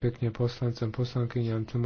pekne poslancom, poslankyňam, tlmočom.